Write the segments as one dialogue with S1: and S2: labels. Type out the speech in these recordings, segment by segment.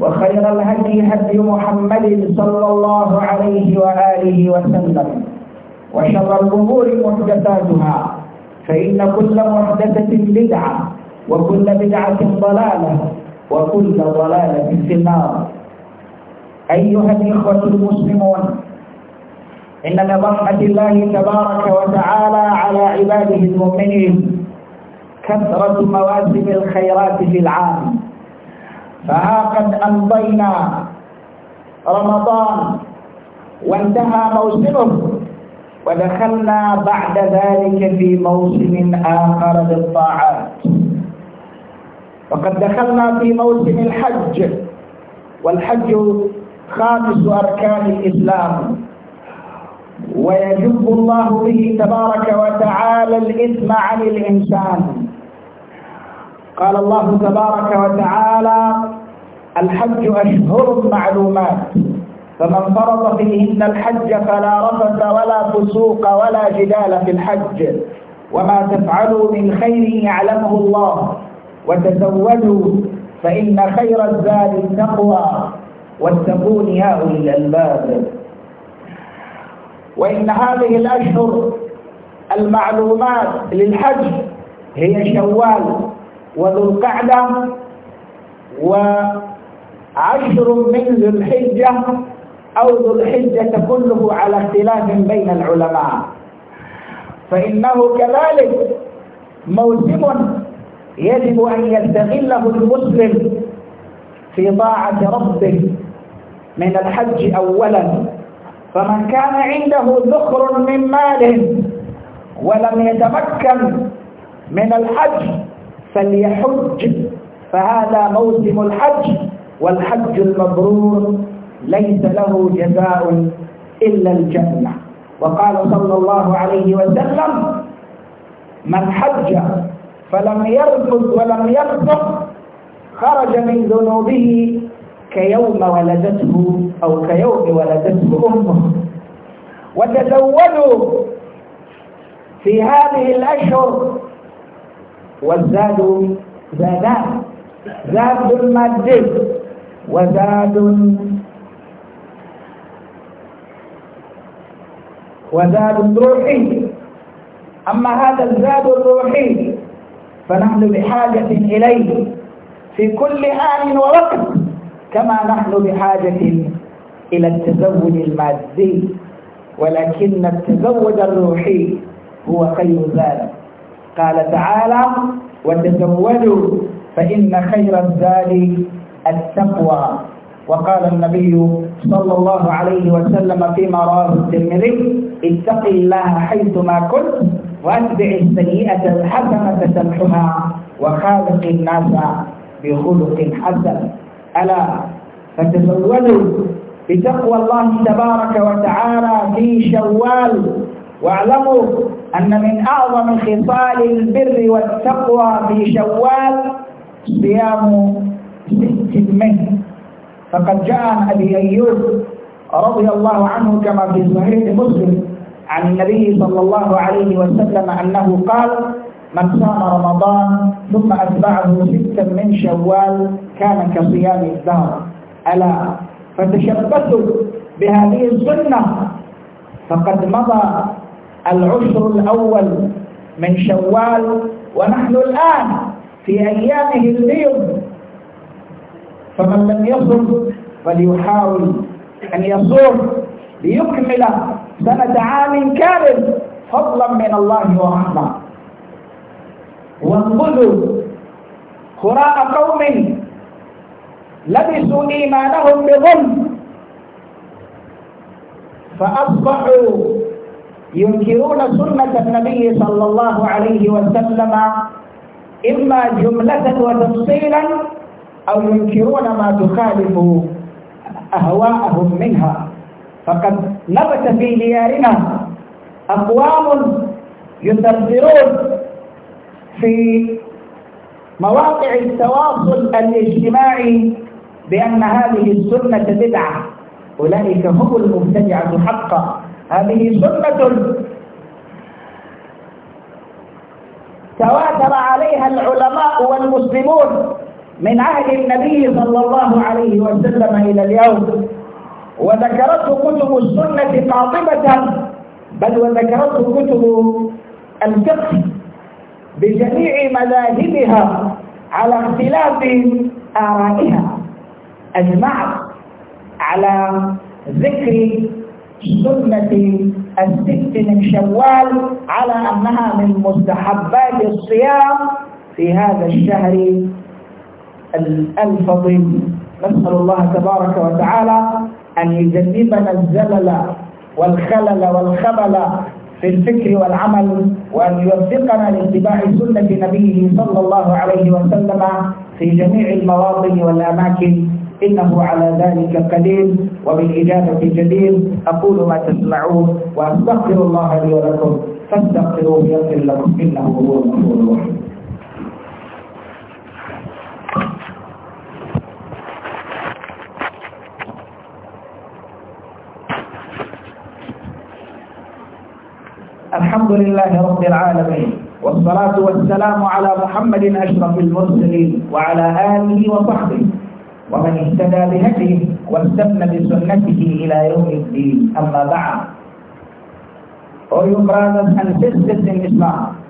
S1: وخير الهدي هدي محمد صلى الله عليه وآله وسلم وشر الأمور محدثاتها فإن كل محدثة بدعة وكل بدعة ضلالة وكل ضلالة في النار أيها الإخوة المسلمون إن من رحمة الله تبارك وتعالى على عباده المؤمنين كثرة مواسم الخيرات في العام فها قد أمضينا رمضان وانتهى موسمه ودخلنا بعد ذلك في موسم آخر للطاعات وقد دخلنا في موسم الحج والحج خامس أركان الإسلام ويجب الله به تبارك وتعالى الإثم عن الإنسان قال الله تبارك وتعالى الحج أشهر معلومات فمن فرض فيهن الحج فلا رفث ولا فسوق ولا جدال في الحج وما تفعلوا من خير يعلمه الله وتزودوا فإن خير الزاد التقوى واتقون يا أولي الألباب وإن هذه الأشهر المعلومات للحج هي شوال وذو القعدة وعشر من ذو الحجة أو ذو الحجة كله على اختلاف بين العلماء فإنه كذلك موسم يجب أن يستغله المسلم في طاعة ربه من الحج أولا فمن كان عنده ذخر من ماله ولم يتمكن من الحج فليحج فهذا موسم الحج والحج المبرور ليس له جزاء إلا الجنة وقال صلى الله عليه وسلم من حج فلم يرفض ولم يرفض خرج من ذنوبه كيوم ولدته أو كيوم ولدته أمه وتزودوا في هذه الأشهر والزاد زادان زاد مادي وزاد وزاد روحي أما هذا الزاد الروحي فنحن بحاجة إليه في كل آن ووقت كما نحن بحاجة إلى التزود المادي ولكن التزود الروحي هو خير ذلك قال تعالى وتزودوا فإن خير الزاد التقوى وقال النبي صلى الله عليه وسلم في رواه الترمذي اتق الله حيثما كنت واتبع السيئة الحسنة تمحها وخالق الناس بخلق حسن ألا فتزودوا بتقوى الله تبارك وتعالى في شوال واعلموا أن من أعظم خصال البر والتقوى في شوال صيام ست منه فقد جاء أبي أيوب رضي الله عنه كما في صحيح مسلم عن النبي صلى الله عليه وسلم أنه قال من صام رمضان ثم أتبعه ستا من شوال كان كصيام الدهر ألا فتشبثوا بهذه السنة فقد مضى العشر الأول من شوال ونحن الآن في أيامه البيض فمن لم يصم فليحاول أن يصوم ليكمل سنة عام كامل فضلا من الله ورحمة وانقذوا قراء قوم لبسوا إيمانهم بظلم فأصبحوا ينكرون سنة النبي صلى الله عليه وسلم إما جملة وتفصيلا أو ينكرون ما تخالف أهواءهم منها فقد نبت في ديارنا أقوام يدبرون في مواقع التواصل الاجتماعي بأن هذه السنة بدعة أولئك هم المبتدعة حقا هذه سنة تواتر عليها العلماء والمسلمون من عهد النبي صلى الله عليه وسلم إلى اليوم وذكرته كتب السنة قاطبة بل وذكرته كتب الفقه بجميع مذاهبها على اختلاف آرائها أجمعت على ذكر سنة الست من شوال على أنها من مستحبات الصيام في هذا الشهر الفضيل نسأل الله تبارك وتعالى أن يجنبنا الزلل والخلل والخبل في الفكر والعمل وأن يوفقنا لاتباع سنة نبيه صلى الله عليه وسلم في جميع المواطن والأماكن إنه على ذلك قدير وبالإجابة جدير أقول ما تسمعون وأستغفر الله لي ولكم فاستغفروه يغفر لكم إنه هو الغفور الرحيم الحمد لله رب العالمين والصلاة والسلام على محمد أشرف المرسلين وعلى آله وصحبه ومن اهتدى بهديه واستنى بسنته إلى يوم الدين أما بعد All you brothers and sisters in Islam,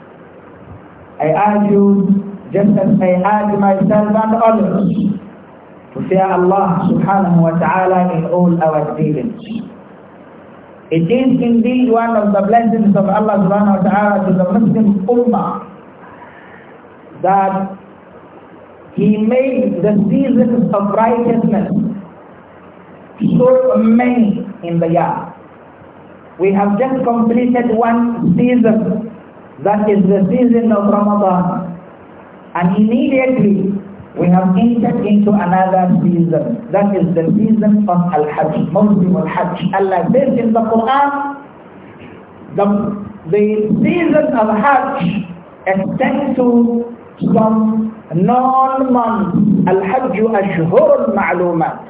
S1: I urge you, just as I urge myself and others, to fear Allah subhanahu wa ta'ala in all our dealings. It is indeed one of the blessings of Allah subhanahu wa ta'ala to the Muslim Ummah that He made the seasons of righteousness so many in the year. We have just completed one season, that is the season of Ramadan. And immediately we have entered into another season. That is the season of Al-Hajj, Muslim Al-Hajj. Allah says in the Quran, the, the season of Hajj extends to some non month Al-Hajj Ashhurun Ma'lumat.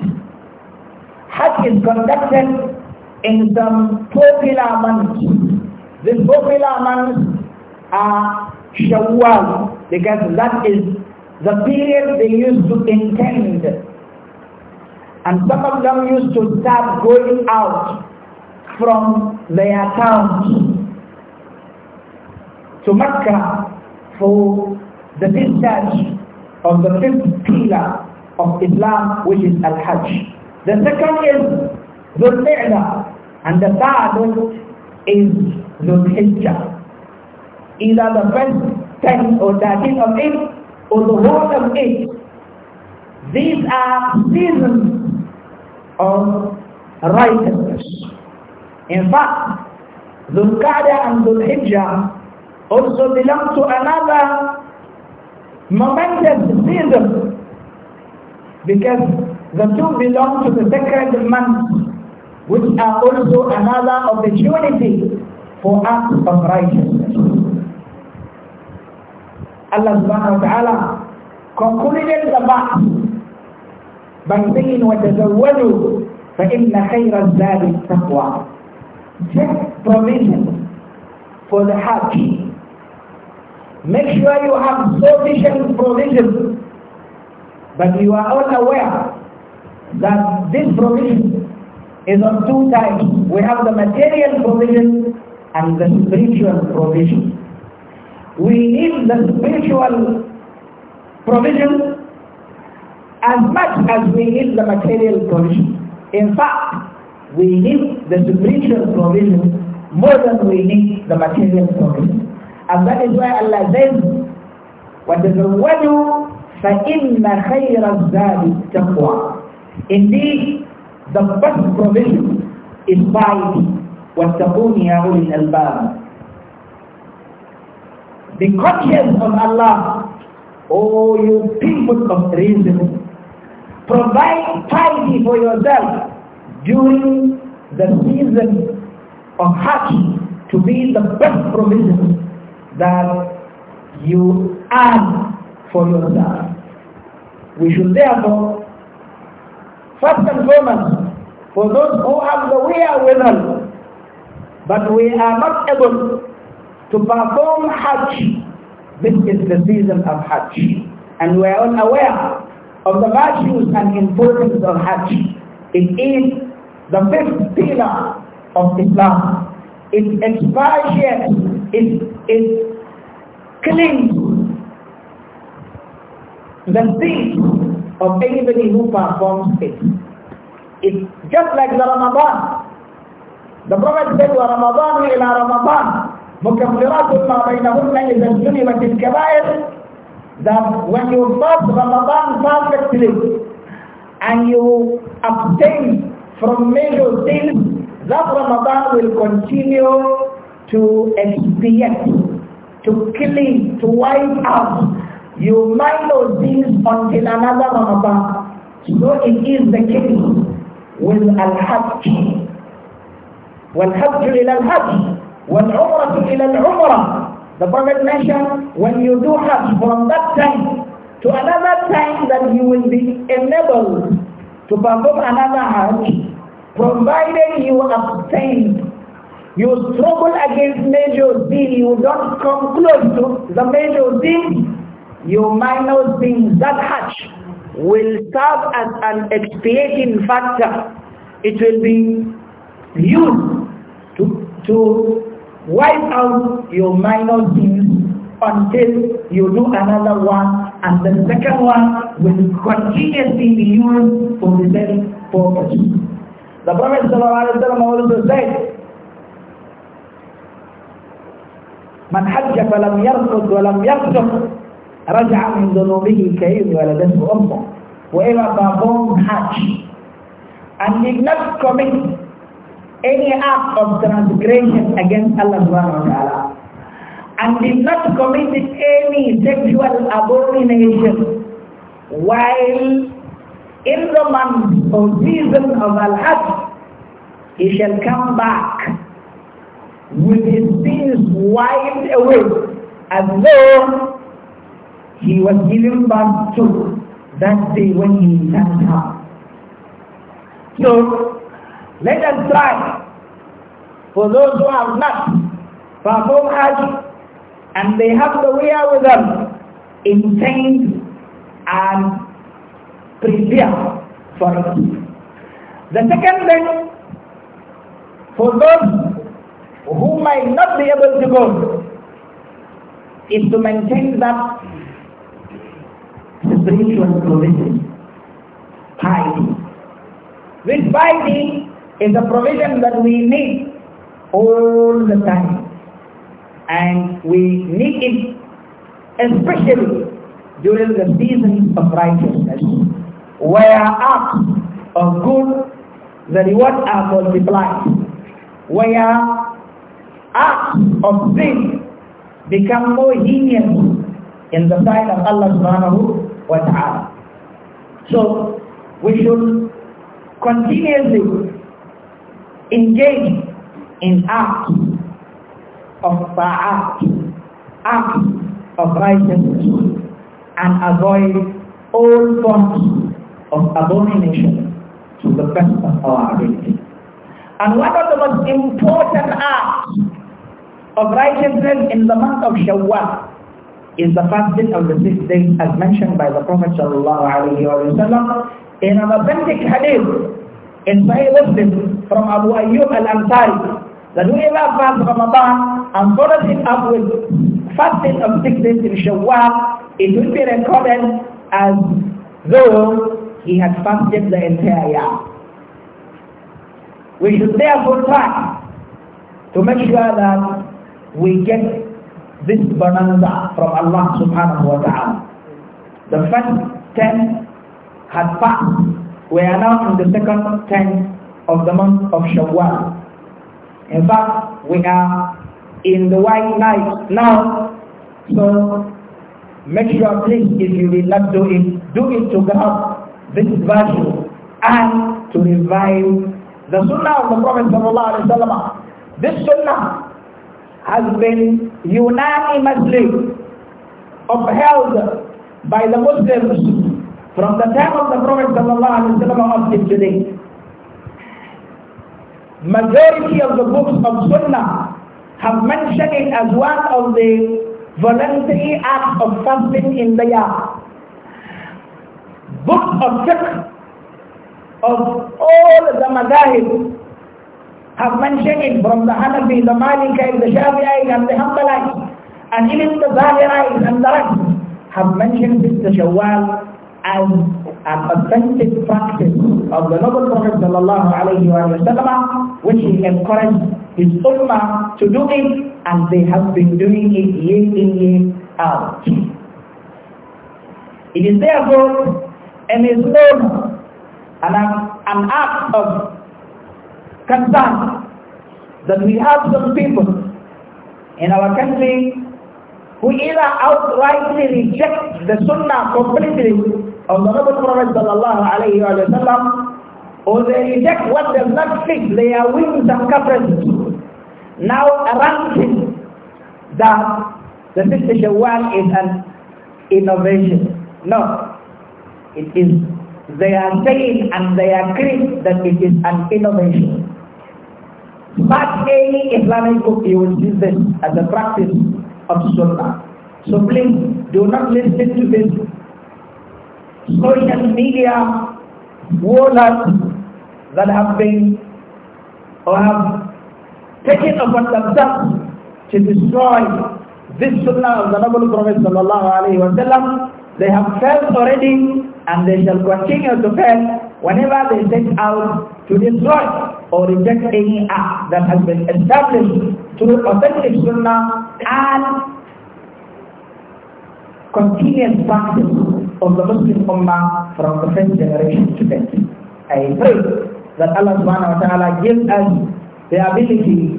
S1: Hajj is conducted in some popular months. These popular months are Shawwal because that is the period they used to intend. And some of them used to start going out from their towns to Mecca for the discharge of the fifth pillar of Islam, which is Al-Hajj. The second is the Mi'la, and the third is the Hijjah. Either the first 10 or 13 of it, or the whole of it. These are seasons of righteousness. In fact, Dhul Qa'dah and Dhul Hijjah also belong to another momentous season because the two belong to the sacred months which are also another opportunity for acts of righteousness. Allah subhanahu wa ta'ala concluded the verse by saying وَتَزَوَّدُوا فَإِنَّ خَيْرَ الزَّادِ التَّقْوَى Just provision for the hajj Make sure you have sufficient provision. But you are all aware that this provision is of two types. We have the material provision and the spiritual provision. We need the spiritual provision as much as we need the material provision. In fact, we need the spiritual provision more than we need the material provision and that is why Allah says وَتَزَوَّدُوا فَإِنَّ خَيْرَ الزَّادِ التَّقْوَى Indeed, the best provision is piety. وَاتَّقُونِ يَا أُولِي الْأَلْبَابِ The conscience of Allah, oh, you people of reason, provide piety for yourself during the season of Hajj to be the best provision that you earn for yourself. We should therefore, first and foremost, for those who have the will with us, but we are not able to perform Hajj, this is the season of Hajj. And we are all aware of the virtues and importance of Hajj. It is the fifth pillar of Islam. It expatiates is is killing the feet of anybody who performs it. It's just like the Ramadan. The Prophet said, Ramadan? وَرَمَضَانُ إِلَى رَمَضَانٌ مُكَفِّرَاتٌ مَا بَيْنَهُنَّ إِذَا اجْتُنِبَتِ الْكَبَائِرِ That when you fast Ramadan perfectly and you abstain from major sins, that Ramadan will continue to expiate, to clean, to wipe out. You minor these until another Ramadan. So it is the case with Al-Hajj. والحج إلى الحج والعمرة إلى العمرة The Prophet mentioned when you do Hajj from that time to another time that you will be enabled to perform another Hajj provided you abstain you struggle against major sin, you don't come close to the major sin, your minor sin, that hatch, will serve as an expiating factor. It will be used to, to wipe out your minor sins until you do another one and the second one will continuously be used for the same purpose. The Prophet ﷺ also said, من حج فلم يرقد ولم يفسق رجع من ذنوبه كيوم ولدته امه whoever performs hajj and did not commit any act of transgression against Allah subhanahu wa ta'ala and did not commit any sexual abomination while in the month or season of Al-Hajj he shall come back with his sins wiped away as though he was given birth to that day when he turned up. So let us try for those who have not performed Hajj and they have the with them, intend and prepare for it. The second thing, for those who might not be able to go is to maintain that spiritual provision, piety. With piety is the provision that we need all the time. And we need it especially during the season of righteousness, where acts of good, the rewards are multiplied, where acts of sin become more heinous in the sight of Allah subhanahu wa ta'ala. So we should continuously engage in acts of ta'at, acts of righteousness, and avoid all forms of abomination to the best of our ability. And one of the most important acts of righteousness in the month of Shawwal is the fasting of the six days as mentioned by the Prophet ﷺ in an authentic hadith in Sahih Muslim from Abu Ayyub al-Ansari that whoever fasts Ramadan and follows it up with fasting of six days in Shawwal it will be recorded as though he had fasted the entire year. We should therefore try to make sure that we get this bonanza from Allah subhanahu wa ta'ala. The first ten had passed. We are now in the second ten of the month of Shawwal. In fact, we are in the white night now. So make sure please if you will not do it, do it to God this virtue and to revive the sunnah of the Prophet ﷺ, this sunnah has been unanimously upheld by the Muslims from the time of the Prophet ﷺ until today. Majority of the books of Sunnah have mentioned it as one of the voluntary acts of fasting in the year. Books of fiqh of all the madahib have mentioned it from the Hanafi, the Maliki, the Shafi'i and the Hanbali and even the Zahirai and the rest have mentioned this the Shawwal as an authentic practice of the noble Prophet sallallahu alayhi wa which he encouraged his ummah to do it and they have been doing it year in year out. It is therefore a misnomer and an act of concern that we have some people in our country who either outrightly reject the sunnah completely of the Prophet sallallahu alayhi wa sallam or they reject what does not fit their wings and caprices. Now ranting that the Sister Shawwal is an innovation. No, it is they are saying and they agree that it is an innovation. But any Islamic book you will use this as a practice of Sunnah. So please do not listen to this social media warlords that have been or have taken upon themselves to destroy this Sunnah of the Noble Prophet Sallallahu Alaihi Wasallam. They have felt already and they shall continue to fail whenever they set out to destroy or reject any act that has been established through authentic sunnah and continuous practice of the Muslim Ummah from the first generation to date. I pray that Allah subhanahu wa ta'ala gives us the ability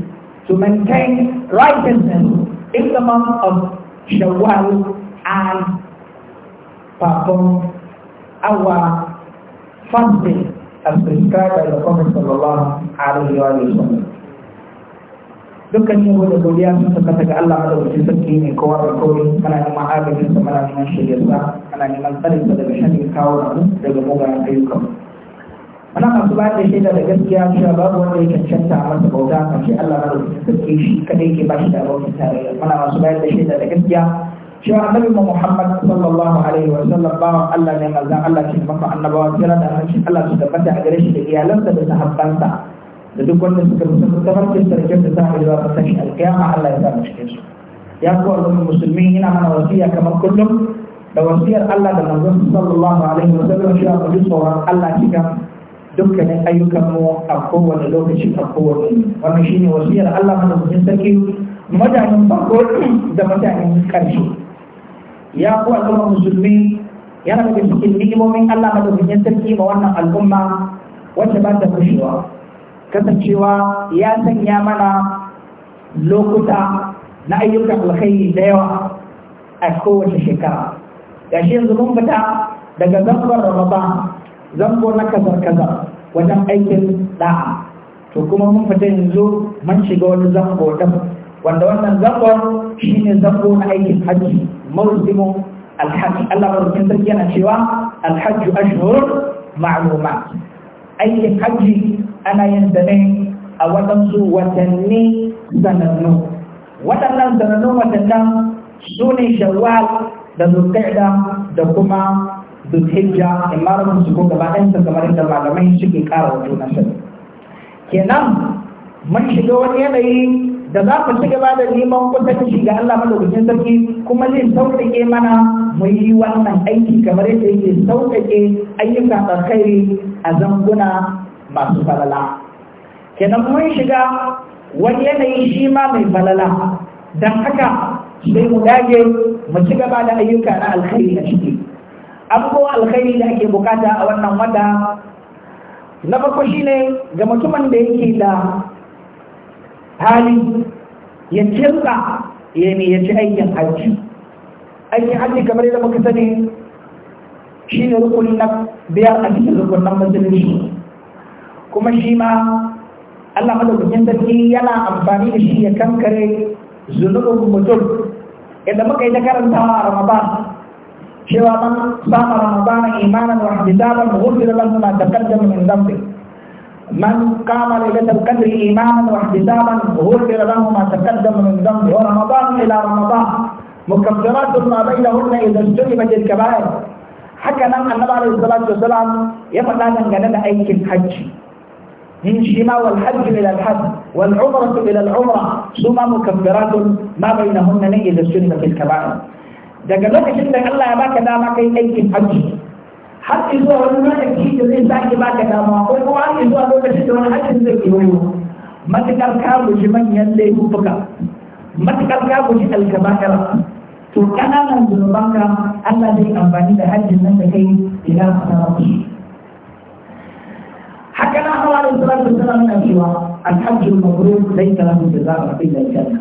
S1: to maintain righteousness in the month of Shawwal and perform our fasting as prescribed by the Prophet sallallahu alayhi wa sallam dukkan yabo da godiya sun saka daga Allah madaukakin sarki ne kowa da kowai kana neman agajin sa mana neman Mana kana neman tsarin sa daga shan kawo da mu daga mugayen ayyukan mana masu bayar da shaida da gaskiya cewa babu wanda ya cancanta a masa bauta kan shi Allah madaukakin sarki shi kadai ke ba shi da abokin tarayya mana masu bayar da shaida da gaskiya cewa annabi Muhammad sallallahu alaihi wa sallam bawan Allah ne manzon Allah shi maka annabawa kira da harshe Allah su tabbata a gare shi da iyalansa da sahabbansa da duk wanda suka musu tabbacin sarkin da za a yi zuwa kasan shi alkiyama Allah ya sa mu cikin su ya ku al'ummar musulmi ina mana wasiya kamar kullum da wasiyar Allah da manzon sallallahu alaihi wa sallam cewa mu ji tsoron Allah cikin dukkanin ayyukanmu a kowane lokaci a kowane wannan shine wasiyar Allah mana cikin sarki mutanen farko da mutanen karshe ya ku al'umma musulmi yana daga cikin nimomin Allah madaukakin sarki ma wannan al'umma wacce ba ta kushewa kasancewa ya sanya mana lokuta na ayyukan alkhairi da yawa a kowace shekara shi yanzu mun fita daga zangon ramadan zango na kazar kazar wajen aikin da'a to kuma mun fita yanzu mun shiga wani zango din wanda wannan zaɓon shi ne zaɓo aikin hajji mawuzimu alhaji Allah marukin sarki yana cewa Alhaji ashhur ma'luma aikin hajji ana yin da ne a waɗansu watanni sanannu waɗannan sanannun watannan su ne shawwal da zulqa'da da kuma zulhijja imaratun su ko gaba ɗayansa kamar yadda malamai suke ƙara wa juna sani kenan mun shiga wani yanayi da za mu ci gaba da neman kusanci ga Allah madaukakin sarki kuma zai sauƙaƙe mana mu yi wannan aiki kamar yadda yake sauƙaƙe ayyukan alkhairi a zanguna masu falala kenan mun shiga wani yanayi shi ma mai falala don haka sai mu dage mu ci gaba da ayyuka na alkhairi a ciki abubuwan alkhairi da ake bukata a wannan wata na farko shine ga mutumin da yake da hali ya kirka ya ne ya ci aikin hajji aikin hajji kamar yadda muka sani shi ne rukuni na biyar a cikin rukunin musulunci kuma shi ma Allah madaukakin sarki yana amfani da shi ya kankare zunubin mutum yadda muka yi ta karantawa a ramadan cewa man sama ramadan imanan wa ihtisaban ghufira da ma taqaddama min من قام ليلة القدر إيمانا واحتسابا غفر له ما تقدم من ذنب ورمضان إلى رمضان مكفرات ما بينهن إذا اجتنبت الكبائر حكى لنا النبي عليه الصلاة والسلام يقول لنا أن أي حج من شما والحج إلى الحج والعمرة إلى العمرة ثم مكفرات ما بينهن إذا اجتنبت الكبائر دقلت جدا الله ما كان ما كان أي الحج har zuwa wani lokaci da zai sake baka dama ko kuma har zuwa lokacin da wani hakkin zai kewayo matukar ka guji manyan laifuka matukar ka guji alkaba'ira to kananan zunubanka Allah zai amfani da hajjin nan da kai idan ka samu shi haka na hawa da salatu sallam na cewa alhajjul mabrur zai kala mu da za'a fi da janna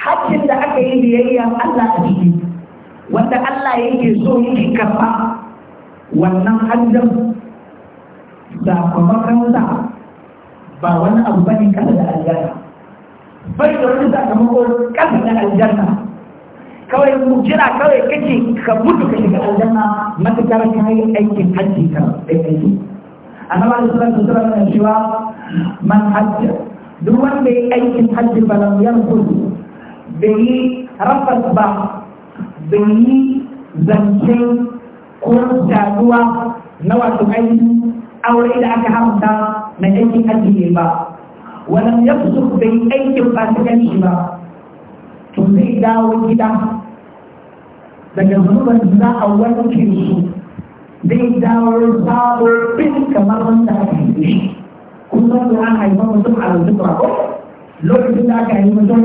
S1: hajjin da aka yi biyayya Allah a ciki wanda Allah yake so yake karba wannan hanjan sakamakonsa ba wani abu ne kasa da aljanna bai da wani sakamako kasa da aljanna kawai mu jira kawai kake ka mutu ka shiga aljanna matakar ka yi aikin hajji ka aiki da sallallahu su wasallam ya cewa man hajji, duk wanda ya aikin hajji yan kudu bai yi rafas ba bai yi zancen ko saduwa na wato ainihin aure da aka haramta na aikin addini ba wannan ya fito bai aikin fasikanci ba to zai dawo gida daga zuban za a wanke su zai dawo sabobin kamar wanda aka yi shi kun san da an haifa mutum a rubutu ba ko lokacin da aka haifa mutum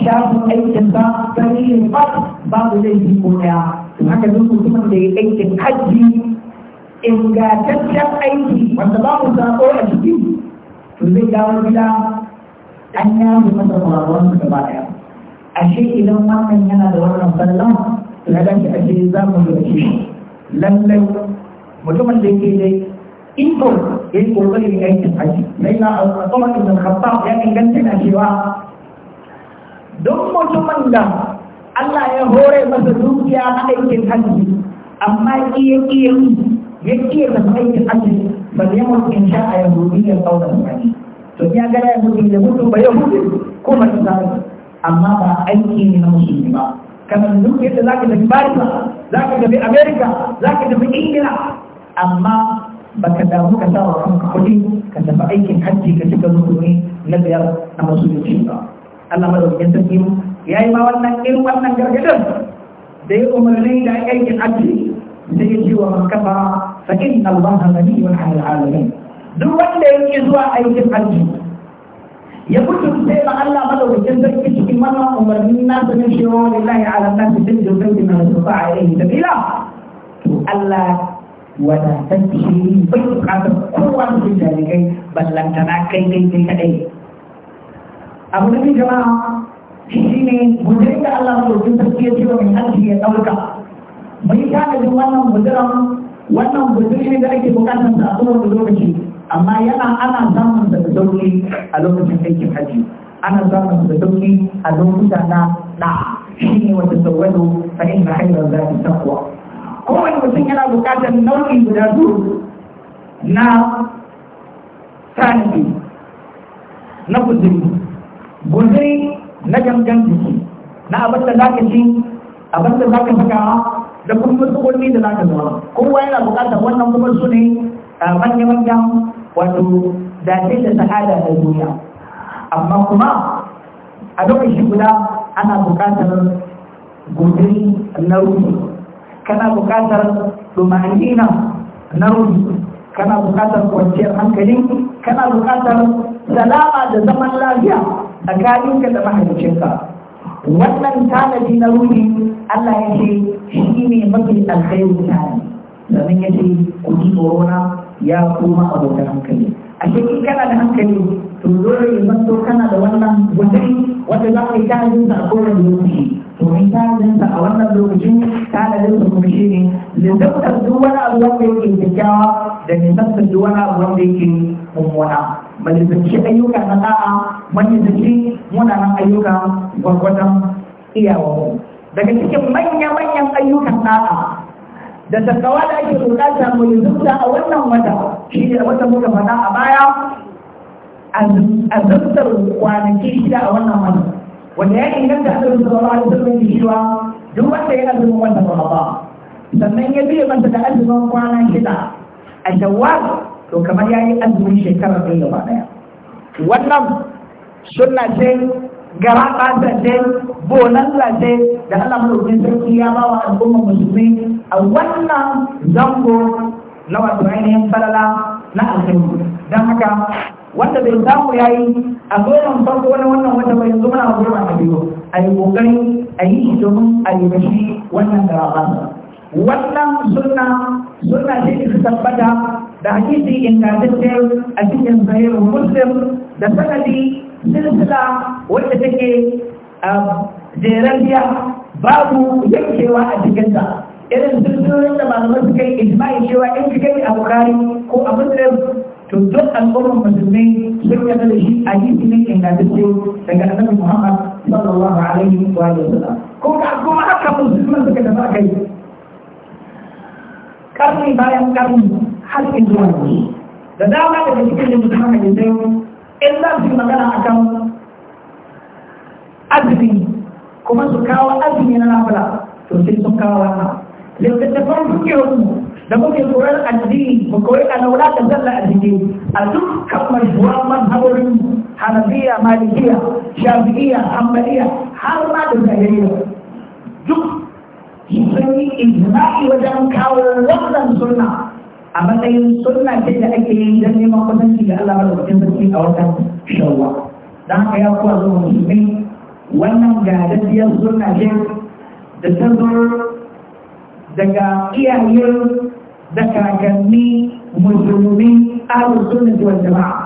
S1: shafin aikin ba tarihin ba babu zai ko daya haka duk mutumin da ya aikin hajji ingantaccen aiki wanda ba babu sako a ciki to zai dawo gida an yaji masa kwararwansa gaba daya ashe idan wannan yana da wannan sallan to ya dace ashe za mu da shi lallai mutumin da yake dai iko ya yi kokarin aikin hajji na ina a tsawon ibn khattab ya inganta na cewa don mutumin da Allah ya hore masa dukiya a aikin hajji amma iya iya ya iya da aikin hajji ba zai mutu in sha a yahudi ya kauna da shi to ya ga ya mutu ya mutu ba yahudi ko masu amma ba aiki ne na musulmi ba kamar duk yadda za ka tafi Paris za ka tafi America za ka tafi Ingila amma ba ka damu ka sa wa kanka kuɗi ka tafi aikin hajji ka cika ne na biyar na musulunci ba Allah madaukakin sarki ya yi ma wannan irin wannan gargadin da ya umarni da aikin aji sai ya ce wa makafa sakin Allah gani wa al'alamin duk wanda ya yake zuwa aikin aji ya mutu sai ba Allah madaukakin sarki cikin wannan umarni na sanin cewa lillahi ala nasi din da zai na ba. a da sabila to Allah ta wadatacce bai bukatar kowa cikin jarirai ballantana kai kai kai kadai abu da jama'a shi ne gudun da Allah mutum sarki ya cewa mai hajji ya ɗauka mai tanadin wannan gudunan wannan gudun ne da ake bukatar sa a kowane lokaci amma yana ana samun da sauri a lokacin aikin hajji ana samun da sauri a lokuta na na shi ne wata sauwado fa inna khayra zati taqwa kowane mutum yana bukatar nau'in guda biyu na tanadi na gudun gudun na gangan jiki na abin da za ka ci abin da za ka sakawa da kuma tsohonni da za ka zama kowa yana bukatar wannan kuma su ne manya-manyan wato dace da sahada da duniya amma kuma a lokaci guda ana bukatar gudun na ruhi kana bukatar dumanina na ruhi kana bukatar kwanciyar hankali kana bukatar salama da zaman lafiya tsakaninka da mahaifinka wannan tanadi na ruri Allah ya ce shi ne mafi alkhairu ne domin ya ce ku ji tsorona ya koma abokan hankali a shekin kana da hankali to dole ya zanto kana da wannan gudun wanda za ka yi tanadin sa a kowane lokaci domin tanadin sa a wannan lokacin tanadin sa kuma shi ne lindautar duk wani abu wanda yake kyakkyawa da nisantar duk wani abu wanda yake mummuna malisanci ayyuka na da'a malisanci munanan ayyuka gwargwadon iyawa daga cikin manya-manyan ayyukan da'a da tattawa da ake bukata mu yi zuta a wannan wata shi ne wata muka faɗa a baya a zartar kwanaki shida a wannan wata wanda ya inganta a zartar zama a zartar shiwa duk wanda ya azumin wata ba sannan ya biya masa da azumin kwana shida a shawwal to kamar ya yi azumin shekarar ɗin gaba ɗaya wannan sunna ce gara ɓata ce bonan ce da Allah mulkin sarki ya ba wa al'ummar musulmi a wannan zango na wato ainihin falala na alheri don haka wanda bai samu ya yi a goyon farko wani wannan wanda bai yanzu muna wajen ba a biyu a yi kokari a yi shi domin a yi bashi wannan gara ɓata wannan sunna sunna ce su tabbata da hadisi ingantacce a cikin sahih muslim da sanadi silsila wadda take a jerariya babu yankewa a cikinta irin sirrin da malamai suka yi ijma'i cewa in cikin a bukari ko a muslim to duk al'ummar musulmi sun yi da shi a yi ne ingantacce daga annabi muhammad sallallahu alaihi wa sallam kuma haka musulman suka tafi a kai karni bayan karni har zuwa yanzu da dama da cikin da mutum haka yanzu in za su magana a kan azumi kuma su kawo azumi na nafila to sai sun kawo wannan littattafan fukiyarmu da muke tsoron addini ba kawai a naula da zalla a jiki a dukkan mashuwa mazhaborin hanafiya malikiya shafi'iya hambaliya har ma da zahiriya duk sun yi ijma'i wajen kawo wannan sunna a matsayin suna ce da ake yi don neman kusanci ga Allah da suke a watan shawwa don haka ya kuwa zuwa musulmi wannan gadaddiyar suna ce da ta zo daga iyaye da kakanni musulmi ahlus sunnah wal jama'a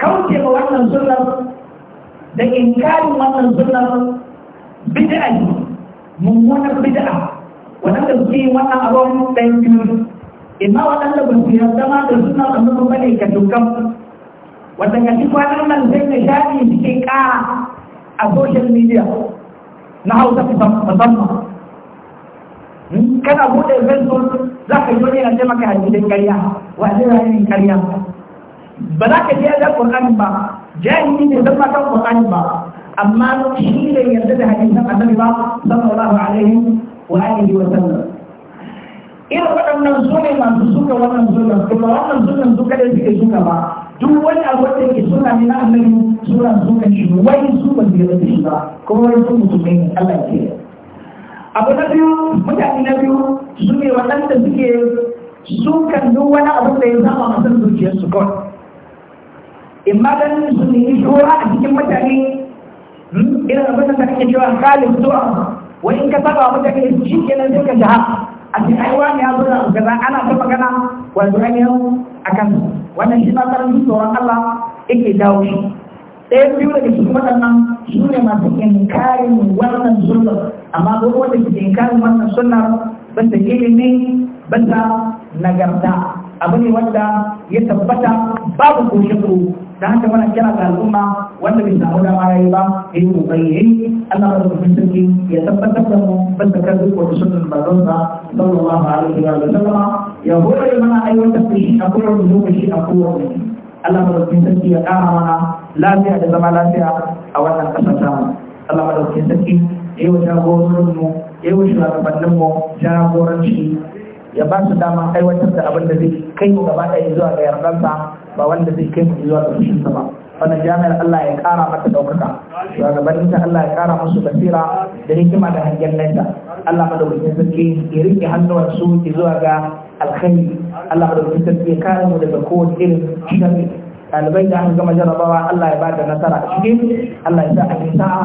S1: kauce ma wannan suna da inkarin wannan suna bid'a ne mummunar bid'a wannan da suke wannan abun ɗan biyu imma waɗanda ba su yarda ma da suna annabi bane ka dukkan wanda ga shi kwanan nan sai na shafi cikin ƙara a social media na hausa musamman kana buɗe facebook za ka yi wani yana taimaka hadisin ƙarya wa zai rayu ƙarya ba za ka biya da ƙur'ani ba jahili ne zama kan ƙur'ani ba amma shi ne yarda da hadisan annabi ba sallallahu alaihi wa alihi wa sallam irin waɗannan su ne masu suka wannan sunan kuma wannan sunan su kada suke suka ba duk wani abu da ke suna ne na annabi suna suka shi wai su ba su yarda shi ba kuma wai su musulmai ne Allah ke. abu na biyu mutane na biyu su ne waɗanda suke sukan duk wani abu da ya zama masan zuciyarsu kawai in ma ganin su nemi shura a cikin mutane hmm, irin abin da kake cewa kalin zuwa wani in ka saba mutane su shi kenan suka jaha a cikin ne ya zo da gaza ana ta magana wato ainihin a kan wannan shi na karin tsoron Allah yake dawo shi ɗaya biyu da cikin waɗannan su ne masu inkarin wannan sunnar amma duk wanda ke inkarin wannan sunnar banda ilimi banda nagarta abu ne wanda ya tabbata babu ko shakku da haka muna kira ga al'umma wanda bai samu dama yayi ba yayi kokari yayi Allah madaukakin sarki ya tabbatar da mu ban banda kan duk wata sunan manzon sa sallallahu alaihi wa sallam ya hore mana aiwatar da shi a kowane lokaci a kowane Allah madaukakin sarki ya kara mana lafiya da zama lafiya a wannan kasar tamu Allah madaukakin sarki ya yi wa jagororin mu ya yi wa shugabannin mu jagoranci ya ba su dama aiwatar da abin da zai kai mu gaba ɗaya zuwa ga yardansa ba wanda zai kai mu zuwa ƙarshen ta ba wannan jami'ar Allah ya ƙara mata ɗaukaka shugabannin ta Allah ya ƙara musu basira da hikima da hangen nanta Allah madaukakin sarki ya rike hannuwansu zuwa ga alkhairi Allah madaukakin sarki ya kare mu daga kowace irin sharri ɗalibai da aka gama jarabawa Allah ya ba da nasara a cikin Allah ya sa a sa'a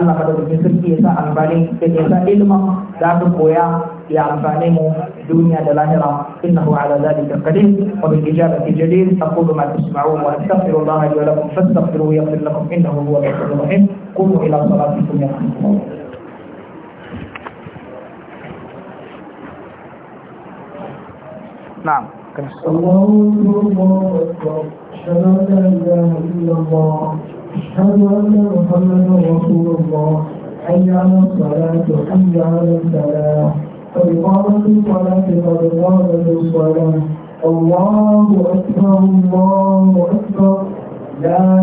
S1: Allah madaukakin sarki ya sa albani da ya sa ilimin da aka koya بأعفانهم دنيا دلاهرة إنه على ذلك قدير وبالإجابة جدير أقول ما تسمعون وأستغفر الله لي ولكم فاستغفروه يغفر لكم إنه هو الغفور الرحيم قوموا إلى صلاتكم يا نعم. الله نعم الله أكبر أشهد أن لا إله إلا الله أشهد أن محمدا رسول الله حي على الصلاة حي على الفلاح فالقامت الصلاة قد قامت الصلاة الله أكبر الله أكبر لا